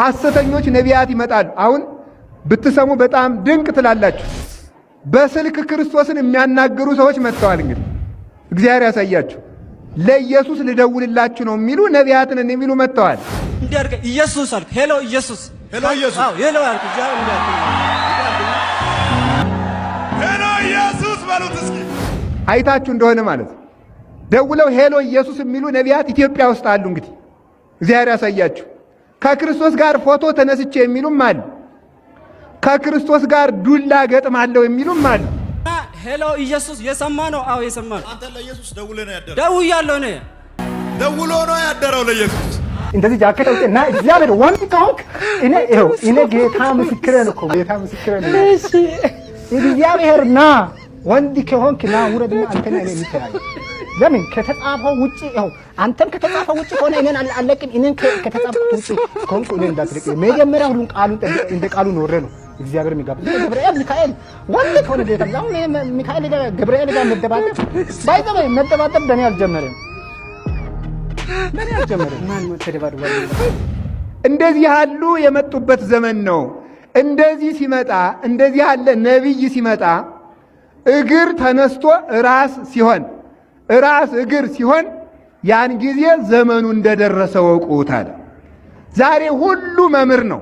ሐሰተኞች ነቢያት ይመጣሉ። አሁን ብትሰሙ በጣም ድንቅ ትላላችሁ። በስልክ ክርስቶስን የሚያናግሩ ሰዎች መጥተዋል። እንግዲህ እግዚአብሔር ያሳያችሁ። ለኢየሱስ ልደውልላችሁ ነው የሚሉ ነቢያትን የሚሉ መጥተዋል። ኢየሱስ ሄሎ ኢየሱስ፣ ሄሎ ኢየሱስ፣ ሄሎ ሄሎ ኢየሱስ በሉት እስኪ። አይታችሁ እንደሆነ ማለት ደውለው ሄሎ ኢየሱስ የሚሉ ነቢያት ኢትዮጵያ ውስጥ አሉ። እንግዲህ እግዚአብሔር ያሳያችሁ። ከክርስቶስ ጋር ፎቶ ተነስቼ የሚሉም አሉ። ከክርስቶስ ጋር ዱላ ገጥማለሁ የሚሉም አሉ። ሄሎ ኢየሱስ የሰማ ነው። አዎ የሰማ ነው። አንተ ለኢየሱስ ደውሎ ነው ያደረው። ደውያለሁ ነው ደውሎ ነው ያደረው ለኢየሱስ እንደዚህ ጃኬት አውጥተህ እና እግዚአብሔር ወንድ ከሆንክ እኔ ይኸው እኔ ጌታ ምስክሬ ነው እኮ ጌታ ምስክሬ ነው። እሺ እግዚአብሔር ና ወንድ ከሆንክ ና ውረድና አንተና እኔ እንተያይ ለምን ከተጻፈው ውጪ ያው አንተም ከተጻፈው ውጪ ሆነ እኔን አለቅም። እኔን ከተጻፈው ውጪ ከሆንኩ እኔን እንዳትለቅ። መጀመሪያ ሁሉን ቃሉን ጠብቅ። እንደ ቃሉ ኖረ ነው እግዚአብሔር የሚጋብ ገብርኤል ሚካኤል ወንድ ከሆነ ጌታ አሁን ሚካኤል ጋር ገብርኤል ጋር መደባደብ ባይዘበ መደባደብ በእኔ አልጀመረም። በእኔ አልጀመረም። እንደዚህ ያሉ የመጡበት ዘመን ነው። እንደዚህ ሲመጣ እንደዚህ ያለ ነቢይ ሲመጣ እግር ተነስቶ ራስ ሲሆን ራስ እግር ሲሆን ያን ጊዜ ዘመኑ እንደደረሰ ወቁት አለ። ዛሬ ሁሉ መምህር ነው፣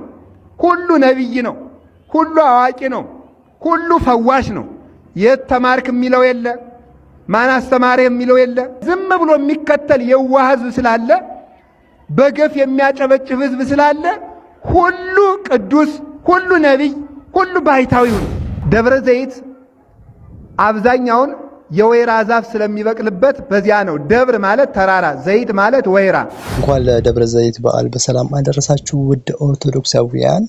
ሁሉ ነቢይ ነው፣ ሁሉ አዋቂ ነው፣ ሁሉ ፈዋሽ ነው። የት ተማርክ የሚለው የለ፣ ማን አስተማረ የሚለው የለ። ዝም ብሎ የሚከተል የዋህ ህዝብ ስላለ፣ በገፍ የሚያጨበጭብ ህዝብ ስላለ ሁሉ ቅዱስ፣ ሁሉ ነቢይ፣ ሁሉ ባይታዊ ነው። ደብረ ዘይት አብዛኛውን የወይራ ዛፍ ስለሚበቅልበት በዚያ ነው። ደብር ማለት ተራራ፣ ዘይት ማለት ወይራ። እንኳን ለደብረ ዘይት በዓል በሰላም አደረሳችሁ ውድ ኦርቶዶክሳውያን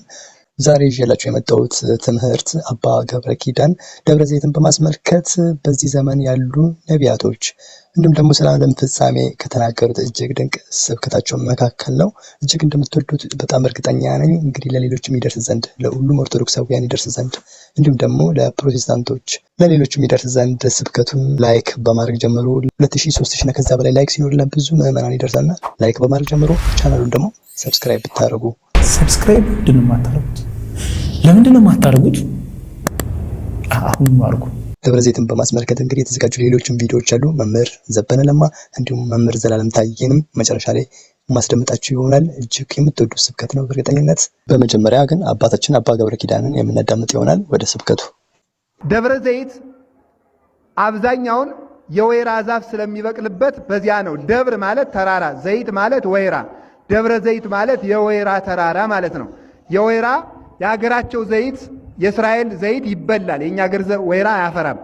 ዛሬ ይዤላችሁ የመጣሁት ትምህርት አባ ገብረ ኪዳን ደብረ ዘይትን በማስመልከት በዚህ ዘመን ያሉ ነቢያቶች እንዲሁም ደግሞ ስለ ዓለም ፍጻሜ ከተናገሩት እጅግ ድንቅ ስብከታቸው መካከል ነው። እጅግ እንደምትወዱት በጣም እርግጠኛ ነኝ። እንግዲህ ለሌሎች የሚደርስ ዘንድ ለሁሉም ኦርቶዶክሳውያን ይደርስ ዘንድ እንዲሁም ደግሞ ለፕሮቴስታንቶች ለሌሎችም የሚደርስ ዘንድ ስብከቱን ላይክ በማድረግ ጀምሮ ሁለት ሺህ ሦስት ከዛ በላይ ላይክ ሲኖር ለብዙ ምዕመናን ይደርሳልና ላይክ በማድረግ ጀምሮ ቻናሉን ደግሞ ሰብስክራይብ ብታደርጉ ሰብስክራይብ ድን ለምንድን ነው የማታደርጉት? አሁን አድርጉ። ደብረ ዘይትን በማስመልከት እንግዲህ የተዘጋጁ ሌሎችም ቪዲዮዎች አሉ። መምህር ዘበነ ለማ እንዲሁም መምህር ዘላለም ታየንም መጨረሻ ላይ ማስደመጣችሁ ይሆናል። እጅግ የምትወዱት ስብከት ነው በእርግጠኝነት። በመጀመሪያ ግን አባታችን አባ ገብረ ኪዳንን የምናዳምጥ ይሆናል። ወደ ስብከቱ። ደብረ ዘይት አብዛኛውን የወይራ ዛፍ ስለሚበቅልበት በዚያ ነው። ደብር ማለት ተራራ፣ ዘይት ማለት ወይራ፣ ደብረ ዘይት ማለት የወይራ ተራራ ማለት ነው። የወይራ የአገራቸው ዘይት የእስራኤል ዘይት ይበላል፣ የእኛ አገር ወይራ አያፈራም።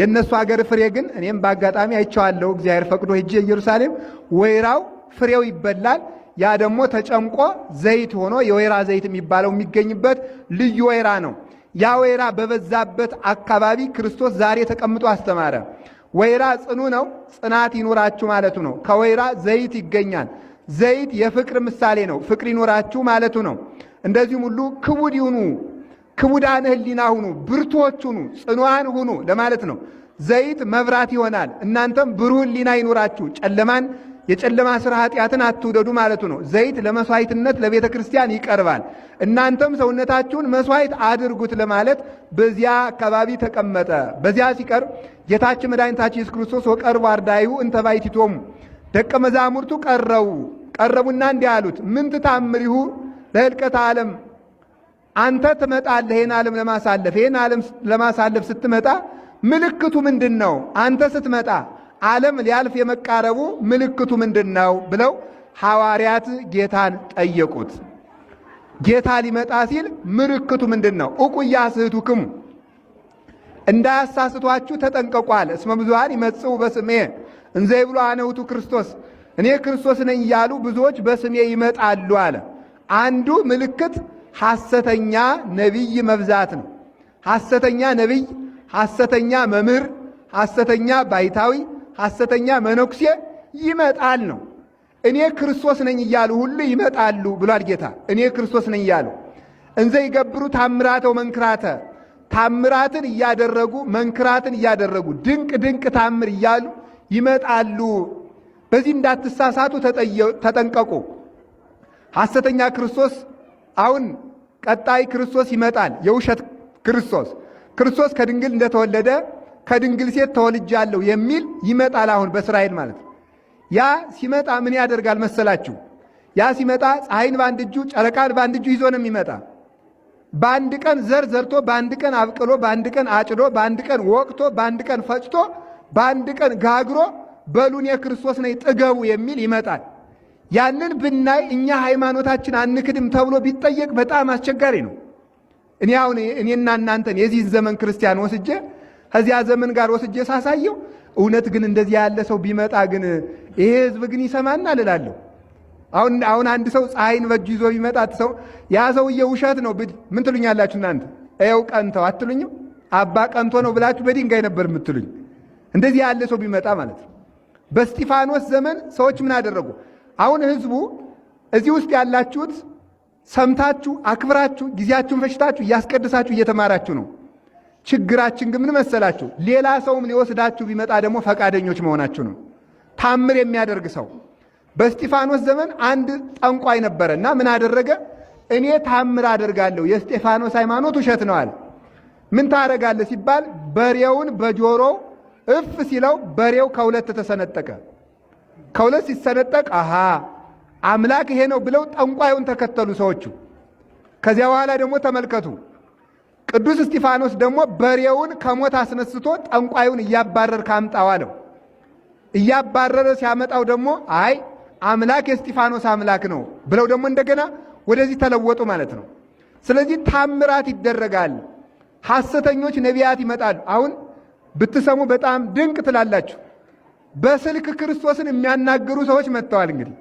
የእነሱ አገር ፍሬ ግን እኔም በአጋጣሚ አይቼዋለሁ። እግዚአብሔር ፈቅዶ ሄጄ ኢየሩሳሌም ወይራው ፍሬው ይበላል። ያ ደግሞ ተጨምቆ ዘይት ሆኖ የወይራ ዘይት የሚባለው የሚገኝበት ልዩ ወይራ ነው። ያ ወይራ በበዛበት አካባቢ ክርስቶስ ዛሬ ተቀምጦ አስተማረ። ወይራ ጽኑ ነው፣ ጽናት ይኖራችሁ ማለቱ ነው። ከወይራ ዘይት ይገኛል። ዘይት የፍቅር ምሳሌ ነው፣ ፍቅር ይኖራችሁ ማለቱ ነው። እንደዚህም ሁሉ ክቡድ ይሁኑ፣ ክቡዳን ህሊና ሁኑ፣ ብርቶች ሁኑ፣ ጽኑዋን ሁኑ ለማለት ነው። ዘይት መብራት ይሆናል። እናንተም ብሩህ ህሊና ይኑራችሁ፣ ጨለማን የጨለማ ስራ ኃጢአትን አትውደዱ ማለቱ ነው። ዘይት ለመስዋዕትነት ለቤተ ክርስቲያን ይቀርባል። እናንተም ሰውነታችሁን መስዋዕት አድርጉት ለማለት በዚያ አካባቢ ተቀመጠ። በዚያ ሲቀርብ ጌታችን መድኃኒታችን ኢየሱስ ክርስቶስ ወቀርቡ አርዳዩ እንተ ባሕቲቶሙ ደቀ መዛሙርቱ ቀረቡ ቀረቡና እንዲህ አሉት ምን ትታምሪሁ ለህልቀት ዓለም አንተ ትመጣለህ። ይህን ዓለም ለማሳለፍ ይህን ዓለም ለማሳለፍ ስትመጣ ምልክቱ ምንድን ነው? አንተ ስትመጣ ዓለም ሊያልፍ የመቃረቡ ምልክቱ ምንድን ነው ብለው ሐዋርያት ጌታን ጠየቁት። ጌታ ሊመጣ ሲል ምልክቱ ምንድን ነው? እቁያ ክሙ እንዳያሳስቷችሁ ተጠንቀቋል። እስመ ብዙሃን ይመጽው በስሜ እንዘ ብሎ አነውቱ ክርስቶስ፣ እኔ ክርስቶስ ነኝ እያሉ ብዙዎች በስሜ ይመጣሉ አለ። አንዱ ምልክት ሐሰተኛ ነቢይ መብዛት ነው። ሐሰተኛ ነቢይ፣ ሐሰተኛ መምህር፣ ሐሰተኛ ባይታዊ፣ ሐሰተኛ መነኩሴ ይመጣል ነው። እኔ ክርስቶስ ነኝ እያሉ ሁሉ ይመጣሉ ብሏል ጌታ። እኔ ክርስቶስ ነኝ እያሉ እንዘ ይገብሩ ታምራተው መንክራተ ታምራትን እያደረጉ መንክራትን እያደረጉ ድንቅ ድንቅ ታምር እያሉ ይመጣሉ። በዚህ እንዳትሳሳቱ ተጠንቀቁ። ሐሰተኛ ክርስቶስ አሁን ቀጣይ ክርስቶስ ይመጣል። የውሸት ክርስቶስ ክርስቶስ ከድንግል እንደተወለደ ከድንግል ሴት ተወልጃለሁ የሚል ይመጣል። አሁን በእስራኤል ማለት ነው። ያ ሲመጣ ምን ያደርጋል መሰላችሁ? ያ ሲመጣ ፀሐይን በአንድ እጁ ጨረቃን በአንድ እጁ ይዞ ነው የሚመጣ። በአንድ ቀን ዘር ዘርቶ፣ በአንድ ቀን አብቅሎ፣ በአንድ ቀን አጭዶ፣ በአንድ ቀን ወቅቶ፣ በአንድ ቀን ፈጭቶ፣ በአንድ ቀን ጋግሮ በሉን የክርስቶስ ነኝ ጥገቡ የሚል ይመጣል። ያንን ብናይ እኛ ሃይማኖታችን አንክድም ተብሎ ቢጠየቅ በጣም አስቸጋሪ ነው። እኔ አሁን እኔና እናንተን የዚህን ዘመን ክርስቲያን ወስጄ ከዚያ ዘመን ጋር ወስጄ ሳሳየው እውነት ግን እንደዚህ ያለ ሰው ቢመጣ ግን ይሄ ህዝብ ግን ይሰማና ልላለሁ አሁን አሁን አንድ ሰው ፀሐይን በእጁ ይዞ ቢመጣት ሰው ያ ሰውዬ ውሸት ነው ብድ ምን ትሉኛላችሁ እናንተ? ይኸው ቀንተው አትሉኝም? አባ ቀንቶ ነው ብላችሁ በድንጋይ ነበር የምትሉኝ። እንደዚህ ያለ ሰው ቢመጣ ማለት ነው። በእስጢፋኖስ ዘመን ሰዎች ምን አደረጉ? አሁን ህዝቡ እዚህ ውስጥ ያላችሁት ሰምታችሁ አክብራችሁ ጊዜያችሁን ፈሽታችሁ እያስቀድሳችሁ እየተማራችሁ ነው። ችግራችን ግን ምን መሰላችሁ? ሌላ ሰውም ሊወስዳችሁ ቢመጣ ደግሞ ፈቃደኞች መሆናችሁ ነው። ታምር የሚያደርግ ሰው በእስጢፋኖስ ዘመን አንድ ጠንቋይ ነበረ እና ምን አደረገ? እኔ ታምር አደርጋለሁ፣ የእስጢፋኖስ ሃይማኖት ውሸት ነው አለ። ምን ታደርጋለህ ሲባል በሬውን በጆሮው እፍ ሲለው በሬው ከሁለት ተሰነጠቀ። ከሁለት ሲሰነጠቅ አሀ አምላክ ይሄ ነው ብለው ጠንቋዩን ተከተሉ ሰዎቹ። ከዚያ በኋላ ደግሞ ተመልከቱ፣ ቅዱስ እስጢፋኖስ ደግሞ በሬውን ከሞት አስነስቶ ጠንቋዩን እያባረር ካምጣው አለው። እያባረረ ሲያመጣው ደግሞ አይ አምላክ የእስጢፋኖስ አምላክ ነው ብለው ደግሞ እንደገና ወደዚህ ተለወጡ ማለት ነው። ስለዚህ ታምራት ይደረጋል። ሐሰተኞች ነቢያት ይመጣሉ። አሁን ብትሰሙ በጣም ድንቅ ትላላችሁ። በስልክ ክርስቶስን የሚያናግሩ ሰዎች መጥተዋል። እንግዲህ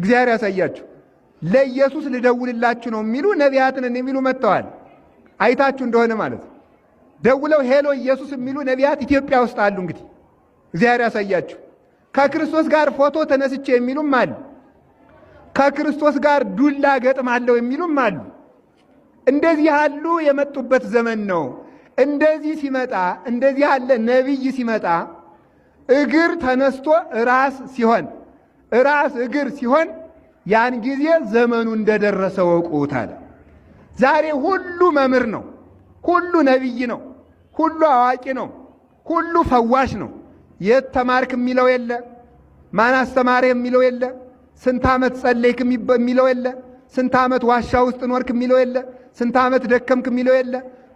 እግዚአብሔር ያሳያችሁ። ለኢየሱስ ልደውልላችሁ ነው የሚሉ ነቢያትን የሚሉ መጥተዋል። አይታችሁ እንደሆነ ማለት ደውለው ሄሎ ኢየሱስ የሚሉ ነቢያት ኢትዮጵያ ውስጥ አሉ። እንግዲህ እግዚአብሔር ያሳያችሁ። ከክርስቶስ ጋር ፎቶ ተነስቼ የሚሉም አሉ። ከክርስቶስ ጋር ዱላ ገጥማለሁ የሚሉም አሉ። እንደዚህ ያሉ የመጡበት ዘመን ነው። እንደዚህ ሲመጣ እንደዚህ ያለ ነቢይ ሲመጣ እግር ተነስቶ ራስ ሲሆን ራስ እግር ሲሆን ያን ጊዜ ዘመኑ እንደደረሰ ወቁት አለ። ዛሬ ሁሉ መምህር ነው፣ ሁሉ ነቢይ ነው፣ ሁሉ አዋቂ ነው፣ ሁሉ ፈዋሽ ነው። የት ተማርክ የሚለው የለ፣ ማን አስተማረ የሚለው የለ፣ ስንት ዓመት ጸለይክ የሚለው የለ፣ ስንት ዓመት ዋሻ ውስጥ ኖርክ የሚለው የለ፣ ስንት ዓመት ደከምክ የሚለው የለ፣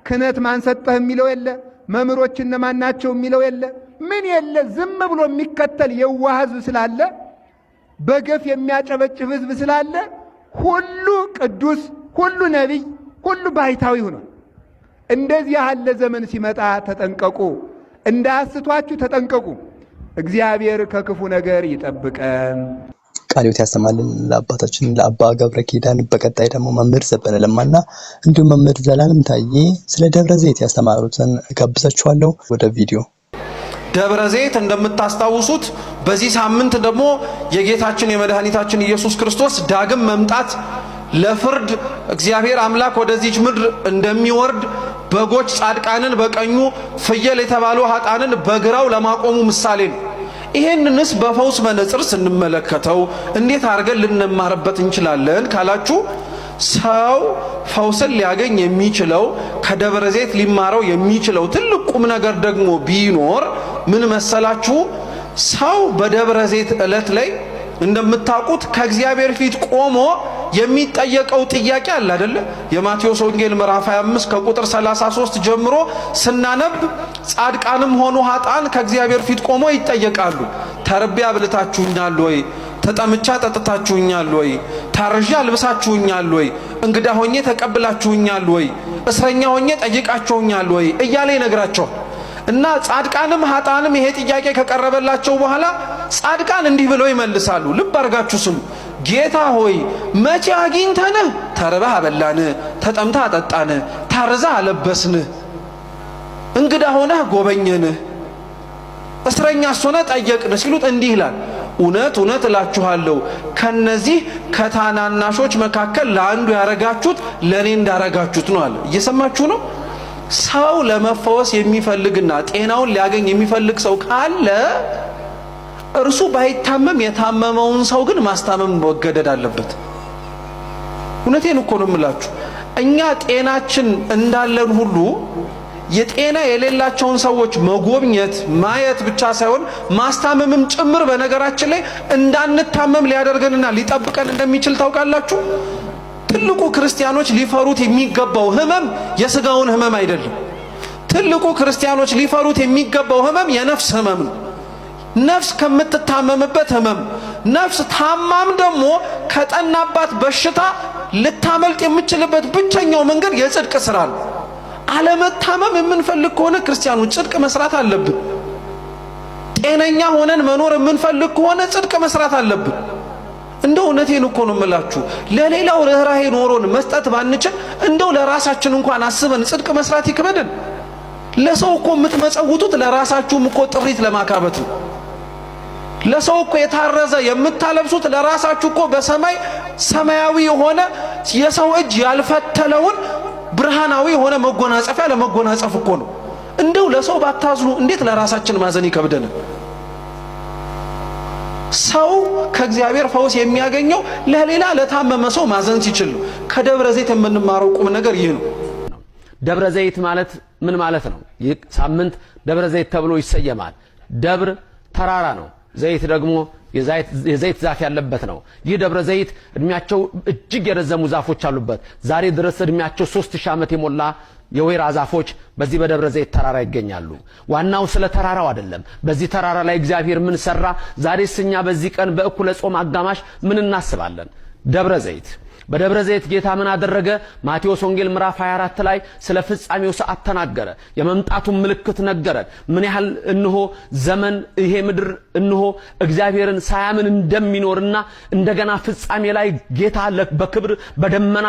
ክህነት ማን ሰጠህ የሚለው የለ፣ መምህሮች እነማን ናቸው የሚለው የለ ምን የለ ዝም ብሎ የሚከተል የዋህ ህዝብ ስላለ፣ በገፍ የሚያጨበጭብ ህዝብ ስላለ ሁሉ ቅዱስ፣ ሁሉ ነቢይ፣ ሁሉ ባይታዊ ሆኖ እንደዚህ ያለ ዘመን ሲመጣ ተጠንቀቁ፣ እንዳያስቷችሁ ተጠንቀቁ። እግዚአብሔር ከክፉ ነገር ይጠብቀን። ቃልዮት ያሰማልን ለአባታችን ለአባ ገብረ ኪዳን። በቀጣይ ደግሞ መምህር ዘበነ ለማና እንዲሁም መምህር ዘላለም ታዬ ስለ ደብረ ዘይት ያስተማሩትን ጋብዛችኋለሁ። ወደ ቪዲዮ ደብረ ዘይት እንደምታስታውሱት በዚህ ሳምንት ደግሞ የጌታችን የመድኃኒታችን ኢየሱስ ክርስቶስ ዳግም መምጣት ለፍርድ እግዚአብሔር አምላክ ወደዚች ምድር እንደሚወርድ በጎች ጻድቃንን በቀኙ ፍየል የተባሉ ሀጣንን በግራው ለማቆሙ ምሳሌ ነው። ይሄንንስ በፈውስ መነጽር ስንመለከተው እንዴት አድርገን ልንማርበት እንችላለን ካላችሁ ሰው ፈውስን ሊያገኝ የሚችለው ከደብረ ዘይት ሊማረው የሚችለው ትልቅ ቁም ነገር ደግሞ ቢኖር ምን መሰላችሁ? ሰው በደብረ ዘይት ዕለት ላይ እንደምታውቁት ከእግዚአብሔር ፊት ቆሞ የሚጠየቀው ጥያቄ አለ አይደለ? የማቴዎስ ወንጌል ምዕራፍ 25 ከቁጥር 33 ጀምሮ ስናነብ ጻድቃንም ሆኑ ኃጣን ከእግዚአብሔር ፊት ቆሞ ይጠየቃሉ። ተርቤ አብልታችሁኛል ወይ? ተጠምቻ ጠጥታችሁኛል ወይ? ታርዣ አልብሳችሁኛል ወይ? እንግዳ ሆኜ ተቀብላችሁኛል ወይ? እስረኛ ሆኜ ጠይቃችሁኛል ወይ? እያለ ይነግራቸዋል። እና ጻድቃንም ሀጣንም ይሄ ጥያቄ ከቀረበላቸው በኋላ ጻድቃን እንዲህ ብለው ይመልሳሉ። ልብ አድርጋችሁ ስሙ። ጌታ ሆይ መቼ አግኝተንህ? ተርበህ አበላነ ተጠምተህ አጠጣነ ታርዘህ አለበስንህ፣ እንግዳ ሆነህ ጎበኘንህ፣ እስረኛ ሆነ ጠየቅንህ ሲሉት እንዲህ ይላል እውነት እውነት እላችኋለሁ ከነዚህ ከታናናሾች መካከል ለአንዱ ያረጋችሁት ለእኔ እንዳረጋችሁት ነው አለ። እየሰማችሁ ነው። ሰው ለመፈወስ የሚፈልግና ጤናውን ሊያገኝ የሚፈልግ ሰው ካለ እርሱ ባይታመም የታመመውን ሰው ግን ማስታመም መገደድ አለበት። እውነቴን እኮ ነው የምላችሁ። እኛ ጤናችን እንዳለን ሁሉ የጤና የሌላቸውን ሰዎች መጎብኘት ማየት ብቻ ሳይሆን ማስታመምም ጭምር በነገራችን ላይ እንዳንታመም ሊያደርገንና ሊጠብቀን እንደሚችል ታውቃላችሁ። ትልቁ ክርስቲያኖች ሊፈሩት የሚገባው ህመም የስጋውን ህመም አይደለም። ትልቁ ክርስቲያኖች ሊፈሩት የሚገባው ህመም የነፍስ ህመም ነው። ነፍስ ከምትታመምበት ህመም ነፍስ ታማም ደግሞ ከጠናባት በሽታ ልታመልጥ የምችልበት ብቸኛው መንገድ የጽድቅ ስራ ነው። አለመታመም የምንፈልግ ከሆነ ክርስቲያኖች ጽድቅ መስራት አለብን። ጤነኛ ሆነን መኖር የምንፈልግ ከሆነ ጽድቅ መስራት አለብን። እንደው እውነቴን እኮ ነው የምላችሁ። ለሌላው ርኅራሄ ኖሮን መስጠት ባንችል እንደው ለራሳችን እንኳን አስበን ጽድቅ መስራት ይክበድን። ለሰው እኮ የምትመጸውቱት ለራሳችሁም እኮ ጥሪት ለማካበት ነው። ለሰው እኮ የታረዘ የምታለብሱት ለራሳችሁ እኮ በሰማይ ሰማያዊ የሆነ የሰው እጅ ያልፈተለውን ብርሃናዊ የሆነ መጎናጸፊያ ለመጎናጸፍ እኮ ነው። እንደው ለሰው ባታዝኑ እንዴት ለራሳችን ማዘን ይከብደናል? ሰው ከእግዚአብሔር ፈውስ የሚያገኘው ለሌላ ለታመመ ሰው ማዘን ሲችል ነው። ከደብረ ዘይት የምንማረው ቁም ነገር ይህ ነው። ደብረ ዘይት ማለት ምን ማለት ነው? ይህ ሳምንት ደብረ ዘይት ተብሎ ይሰየማል። ደብር ተራራ ነው። ዘይት ደግሞ የዘይት ዛፍ ያለበት ነው። ይህ ደብረ ዘይት እድሜያቸው እጅግ የረዘሙ ዛፎች አሉበት። ዛሬ ድረስ እድሜያቸው ሶስት ሺህ ዓመት የሞላ የወይራ ዛፎች በዚህ በደብረ ዘይት ተራራ ይገኛሉ። ዋናው ስለ ተራራው አይደለም። በዚህ ተራራ ላይ እግዚአብሔር ምን ሰራ? ዛሬስ እኛ በዚህ ቀን በእኩለ ጾም አጋማሽ ምን እናስባለን? ደብረ ዘይት በደብረ ዘይት ጌታ ምን አደረገ? ማቴዎስ ወንጌል ምዕራፍ 24 ላይ ስለ ፍጻሜው ሰዓት ተናገረ። የመምጣቱን ምልክት ነገረን። ምን ያህል እንሆ ዘመን ይሄ ምድር እንሆ እግዚአብሔርን ሳያምን እንደሚኖርና እንደገና ፍጻሜ ላይ ጌታ በክብር በደመና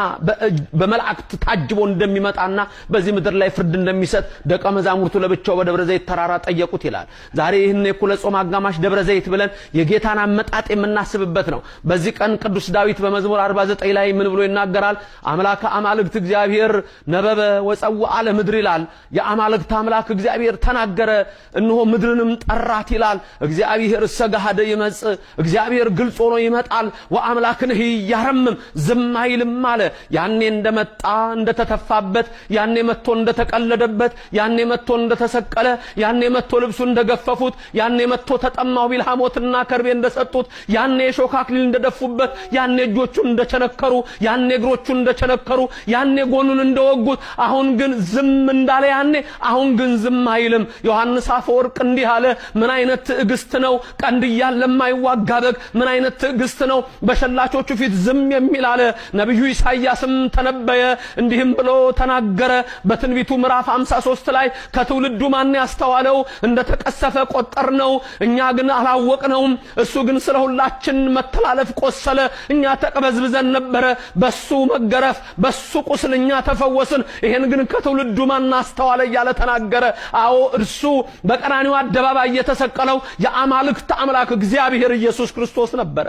በመላእክት ታጅቦ እንደሚመጣና በዚህ ምድር ላይ ፍርድ እንደሚሰጥ ደቀ መዛሙርቱ ለብቻው በደብረ ዘይት ተራራ ጠየቁት ይላል። ዛሬ ይህን የኩለ ጾም አጋማሽ ደብረ ዘይት ብለን የጌታን አመጣጥ የምናስብበት ነው። በዚህ ቀን ቅዱስ ዳዊት በመዝሙር 49 ላይ ላይ ምን ብሎ ይናገራል? አምላከ አማልክት እግዚአብሔር ነበበ ወፀውአ ለምድር ይላል። የአማልክት አምላክ እግዚአብሔር ተናገረ፣ እነሆ ምድርንም ጠራት ይላል። እግዚአብሔር ሰጋሃደ ይመጽ እግዚአብሔር ግልጽ ሆኖ ይመጣል። ወአምላክንህ እያረምም ዝም አይልም አለ። ያኔ እንደመጣ እንደተተፋበት፣ ያኔ መጥቶ እንደተቀለደበት፣ ያኔ መጥቶ እንደተሰቀለ፣ ያኔ መጥቶ ልብሱ እንደገፈፉት፣ ያኔ መጥቶ ተጠማው ቢል ሐሞትና ከርቤ እንደሰጡት፣ ያኔ የሾህ አክሊል እንደደፉበት፣ ያኔ እጆቹን እንደቸነከሩ ያኔ እግሮቹን እንደቸነከሩ ያኔ ጎኑን እንደወጉት አሁን ግን ዝም እንዳለ ያኔ አሁን ግን ዝም አይልም። ዮሐንስ አፈወርቅ እንዲህ አለ። ምን አይነት ትዕግስት ነው! ቀንድያን ለማይዋጋ በግ ምን አይነት ትዕግስት ነው! በሸላቾቹ ፊት ዝም የሚል አለ። ነቢዩ ኢሳይያስም ተነበየ፣ እንዲህም ብሎ ተናገረ በትንቢቱ ምዕራፍ 53 ላይ ከትውልዱ ማን ያስተዋለው እንደ ተቀሰፈ ቆጠር ነው፣ እኛ ግን አላወቅነውም። እሱ ግን ስለ ሁላችን መተላለፍ ቆሰለ፣ እኛ ተቀበዝብዘን ነበረ ተሰበረ፣ በሱ መገረፍ፣ በሱ ቁስልኛ ተፈወስን፣ ይሄን ግን ከትውልዱ ማን አስተዋለ እያለ ተናገረ። አዎ እርሱ በቀራኒው አደባባይ የተሰቀለው የአማልክት አምላክ እግዚአብሔር ኢየሱስ ክርስቶስ ነበረ።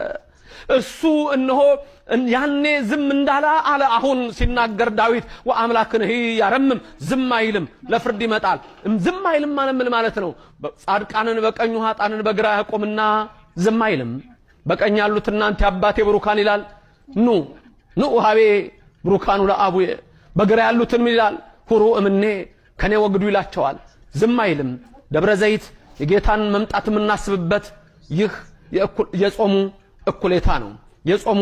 እሱ እነሆ ያኔ ዝም እንዳላ አለ። አሁን ሲናገር ዳዊት ወአምላክንህ ያረምም ዝም አይልም፣ ለፍርድ ይመጣል። ዝም አይልም ምን ማለት ነው? ጻድቃንን በቀኙ ኃጣንን በግራ ያቆምና ዝም አይልም። በቀኝ ያሉት እናንተ አባቴ ብሩካን ይላል ኑ ንዑ ሃቤ ብሩካኑ ለአቡየ በግራ ያሉትን ምን ይላል? ሁሩ እምኔ ከኔ ወግዱ ይላቸዋል። ዝም አይልም። ደብረ ዘይት የጌታን መምጣት የምናስብበት ይህ የጾሙ እኩሌታ ነው። የጾሙ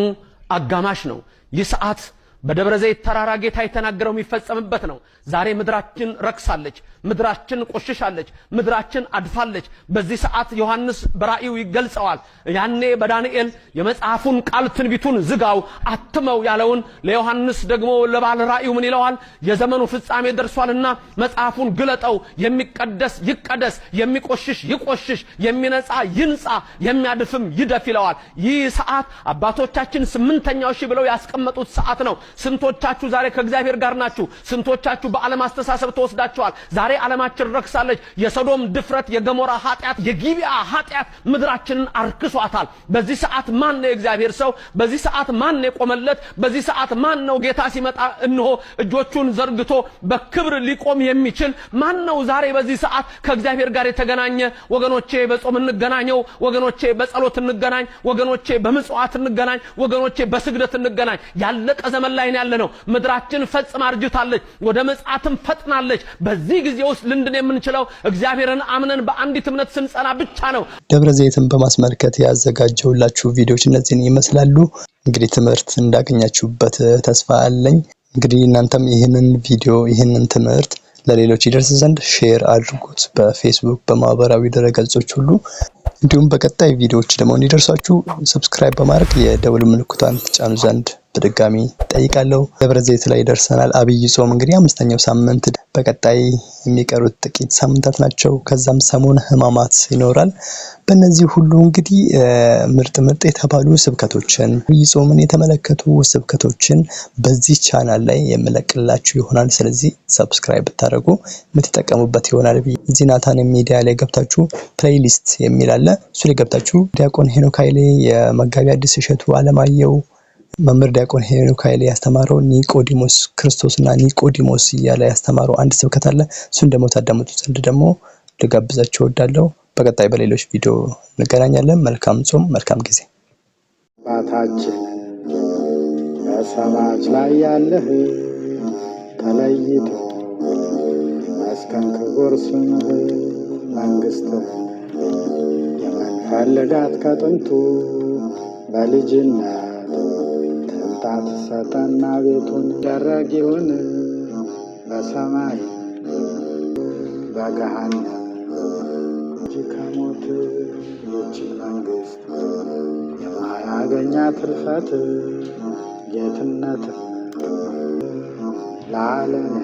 አጋማሽ ነው። ይህ ሰዓት በደብረ ዘይት ተራራ ጌታ የተናገረው የሚፈጸምበት ነው። ዛሬ ምድራችን ረክሳለች፣ ምድራችን ቆሽሻለች፣ ምድራችን አድፋለች። በዚህ ሰዓት ዮሐንስ በራእዩ ይገልጸዋል። ያኔ በዳንኤል የመጽሐፉን ቃል ትንቢቱን ዝጋው አትመው ያለውን ለዮሐንስ ደግሞ ለባለ ራእዩ ምን ይለዋል? የዘመኑ ፍጻሜ ደርሷልና መጽሐፉን ግለጠው፣ የሚቀደስ ይቀደስ፣ የሚቆሽሽ ይቆሽሽ፣ የሚነጻ ይንጻ፣ የሚያድፍም ይደፍ ይለዋል። ይህ ሰዓት አባቶቻችን ስምንተኛው ሺህ ብለው ያስቀመጡት ሰዓት ነው። ስንቶቻችሁ ዛሬ ከእግዚአብሔር ጋር ናችሁ? ስንቶቻችሁ በዓለም አስተሳሰብ ተወስዳችኋል? ዛሬ ዓለማችን ረክሳለች። የሰዶም ድፍረት፣ የገሞራ ኃጢአት፣ የጊቢያ ኃጢአት ምድራችንን አርክሷታል። በዚህ ሰዓት ማን ነው የእግዚአብሔር ሰው? በዚህ ሰዓት ማን ነው የቆመለት? በዚህ ሰዓት ማን ነው ጌታ ሲመጣ እንሆ እጆቹን ዘርግቶ በክብር ሊቆም የሚችል ማን ነው? ዛሬ በዚህ ሰዓት ከእግዚአብሔር ጋር የተገናኘ ወገኖቼ፣ በጾም እንገናኘው ወገኖቼ፣ በጸሎት እንገናኝ ወገኖቼ፣ በምጽዋት እንገናኝ ወገኖቼ፣ በስግደት እንገናኝ ያለቀ ዘመን ላይ ላይ ነው ያለነው። ምድራችን ፈጽማ አርጅታለች፣ ወደ መጽአትም ፈጥናለች። በዚህ ጊዜ ውስጥ ልንድን የምንችለው እግዚአብሔርን አምነን በአንዲት እምነት ስንጸና ብቻ ነው። ደብረ ዘይትን በማስመልከት ያዘጋጀውላችሁ ቪዲዮዎች እነዚህን ይመስላሉ። እንግዲህ ትምህርት እንዳገኛችሁበት ተስፋ አለኝ። እንግዲህ እናንተም ይህንን ቪዲዮ ይህንን ትምህርት ለሌሎች ይደርስ ዘንድ ሼር አድርጉት በፌስቡክ በማህበራዊ ድረገጾች ሁሉ። እንዲሁም በቀጣይ ቪዲዮዎች ደግሞ እንዲደርሳችሁ ሰብስክራይብ በማድረግ የደውል ምልክቷን ትጫኑ ዘንድ በድጋሚ ጠይቃለሁ። ደብረ ዘይት ላይ ደርሰናል። አብይ ጾም እንግዲህ አምስተኛው ሳምንት በቀጣይ የሚቀሩት ጥቂት ሳምንታት ናቸው። ከዛም ሰሞን ህማማት ይኖራል። በእነዚህ ሁሉ እንግዲህ ምርጥ ምርጥ የተባሉ ስብከቶችን አብይ ጾምን የተመለከቱ ስብከቶችን በዚህ ቻናል ላይ የምለቅላችሁ ይሆናል። ስለዚህ ሰብስክራይብ ብታደርጉ የምትጠቀሙበት ይሆናል። እዚህ ናታን ሚዲያ ላይ ገብታችሁ ፕሌይሊስት የሚል አለ። እሱ ላይ ገብታችሁ ዲያቆን ሄኖክ ኃይሌ፣ የመጋቢ አዲስ እሸቱ አለማየሁ መምህር ዲያቆን ሄኖክ ኃይሌ ያስተማረው ኒቆዲሞስ ክርስቶስ እና ኒቆዲሞስ እያለ ያስተማረው አንድ ስብከት አለ። እሱን ደግሞ ታዳምጡ ዘንድ ደግሞ ልጋብዛችሁ እወዳለሁ። በቀጣይ በሌሎች ቪዲዮ እንገናኛለን። መልካም ጾም፣ መልካም ጊዜ። አባታችን በሰማያት ላይ ያለህ ተለይቶ ስምህ የምንፈልጋት ከጥንቱ በልጅነት ብርታት ሰጠና ቤቱን ደረግ ይሁን በሰማይ በገሃነም እንጂ ከሞት ውጭ መንግስት የማያገኛ ትርፈት ጌትነት ለዓለም